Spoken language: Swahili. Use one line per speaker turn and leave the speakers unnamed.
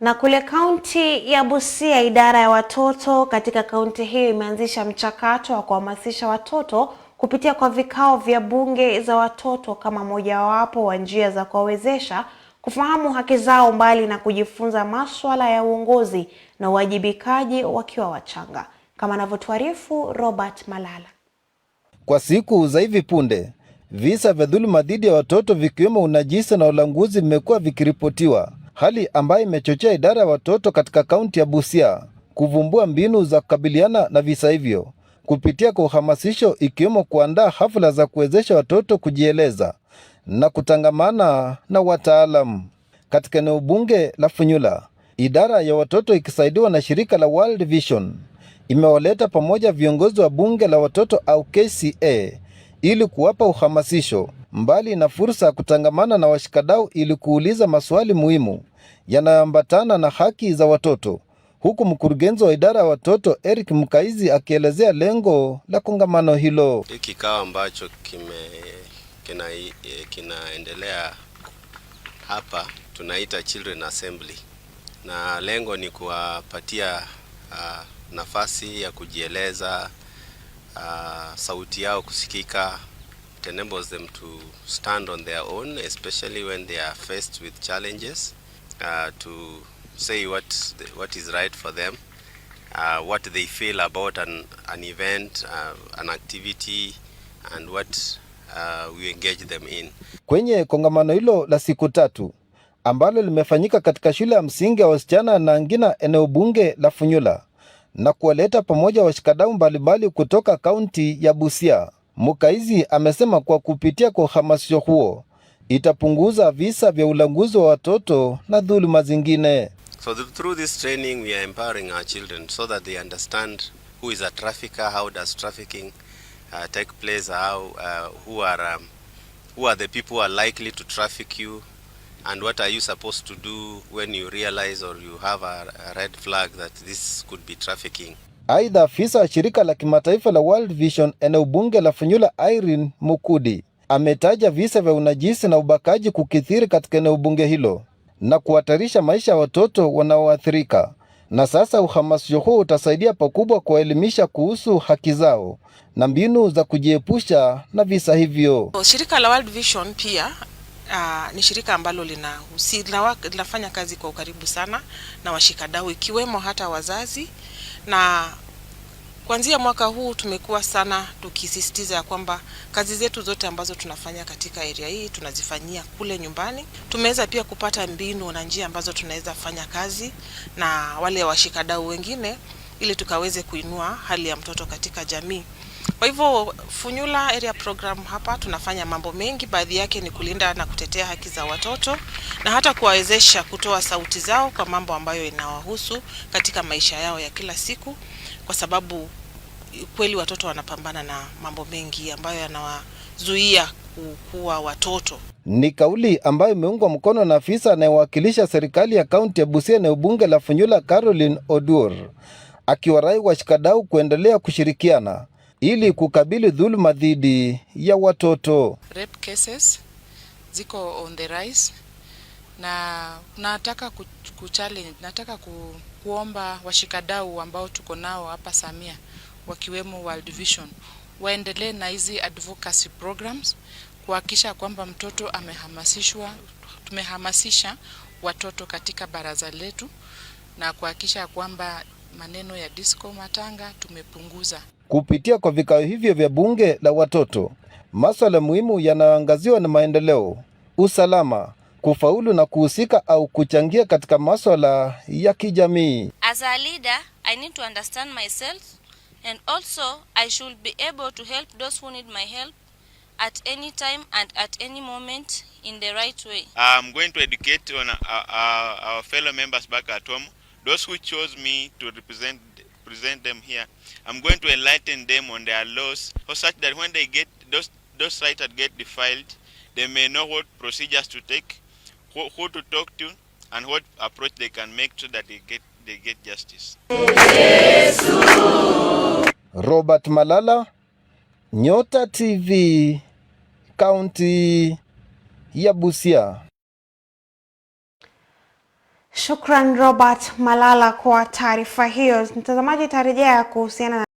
Na kule kaunti ya Busia, idara ya watoto katika kaunti hiyo imeanzisha mchakato wa kuhamasisha watoto kupitia kwa vikao vya bunge za watoto kama mojawapo wa njia za kuwawezesha kufahamu haki zao, mbali na kujifunza masuala ya uongozi na uwajibikaji wakiwa wachanga, kama anavyotuarifu Robert Malala.
Kwa siku za hivi punde, visa vya dhuluma dhidi ya watoto vikiwemo unajisi na ulanguzi vimekuwa vikiripotiwa hali ambayo imechochea idara ya watoto katika kaunti ya Busia kuvumbua mbinu za kukabiliana na visa hivyo kupitia kwa uhamasisho, ikiwemo kuandaa hafla za kuwezesha watoto kujieleza na kutangamana na wataalamu. Katika eneo bunge la Funyula, idara ya watoto ikisaidiwa na shirika la World Vision imewaleta pamoja viongozi wa bunge la watoto au KCA ili kuwapa uhamasisho mbali na fursa ya kutangamana na washikadau ili kuuliza maswali muhimu yanayoambatana na haki za watoto, huku mkurugenzi wa idara ya watoto Eric Mkaizi akielezea lengo la kongamano hilo.
Hii kikao ambacho kime, kina, kinaendelea hapa tunaita Children Assembly na lengo ni kuwapatia uh, nafasi ya kujieleza, uh, sauti yao kusikika It enables them to stand on their own, especially when they are faced with challenges, uh, to say what, what is right for them, uh, what they feel about an, an event, uh, an activity, and what uh, we engage them in.
Kwenye kongamano hilo la siku tatu ambalo limefanyika katika shule ya msingi ya wasichana na ngina eneo bunge la Funyula na kuwaleta pamoja washikadau mbalimbali kutoka kaunti ya Busia. Mukaizi amesema kwa kupitia kwa uhamasisho huo itapunguza visa vya ulanguzi wa watoto na dhuluma zingine.
So the, through this training we are empowering our children so that they understand who is a trafficker, how does trafficking uh, take place, how, uh, who are um, who are the people who are likely to traffic you and what are you supposed to do when you realize or you have a, a red flag that this could be trafficking.
Aidha, afisa wa shirika la kimataifa la World Vision eneo bunge la Funyula Irene Mukudi ametaja visa vya unajisi na ubakaji kukithiri katika eneo bunge hilo na kuhatarisha maisha ya watoto wanaoathirika, na sasa uhamasisho huu utasaidia pakubwa kuwaelimisha kuhusu haki zao na mbinu za kujiepusha na visa hivyo.
shirika la World Vision pia Uh, ni shirika ambalo lina, linafanya kazi kwa ukaribu sana na washikadau ikiwemo hata wazazi na Kuanzia mwaka huu tumekuwa sana tukisisitiza ya kwamba kazi zetu zote ambazo tunafanya katika area hii tunazifanyia kule nyumbani. Tumeweza pia kupata mbinu na njia ambazo tunaweza fanya kazi na wale washikadau wengine ili tukaweze kuinua hali ya mtoto katika jamii. Kwa hivyo Funyula Area Program hapa tunafanya mambo mengi, baadhi yake ni kulinda na kutetea haki za watoto na hata kuwawezesha kutoa sauti zao kwa mambo ambayo inawahusu katika maisha yao ya kila siku, kwa sababu kweli watoto wanapambana na mambo mengi ambayo yanawazuia kuwa watoto.
Ni kauli ambayo imeungwa mkono na afisa anayewakilisha serikali ya kaunti ya Busia na ubunge la Funyula Caroline Odur, akiwarai washikadau kuendelea kushirikiana ili kukabili dhuluma dhidi ya watoto.
Rape cases ziko on the rise na nataka kuchallenge, nataka ku, kuomba washikadau ambao tuko nao hapa Samia wakiwemo World Vision waendelee na hizi advocacy programs kuhakikisha kwamba mtoto amehamasishwa, tumehamasisha watoto katika baraza letu na kuhakikisha kwamba maneno ya disco matanga tumepunguza.
Kupitia kwa vikao hivyo vya bunge la watoto, masuala muhimu yanayoangaziwa na maendeleo, usalama, kufaulu na kuhusika au kuchangia katika masuala ya kijamii.
As a leader, I need to understand myself and also I should be able to help those who need my help at any time and at any moment in the right way.
I'm going to educate on our, uh, our, uh, our fellow members back at home, those who chose me to represent present them here. I'm going to enlighten them on their laws, so such that when they get those those rights that get defiled, they may know what procedures to take, who, who to talk to, and what approach they can make so that they get they get justice.
Robert Malala, Nyota TV, kaunti ya Busia.
Shukran Robert Malala kwa taarifa hiyo. Mtazamaji, tarejea kuhusiana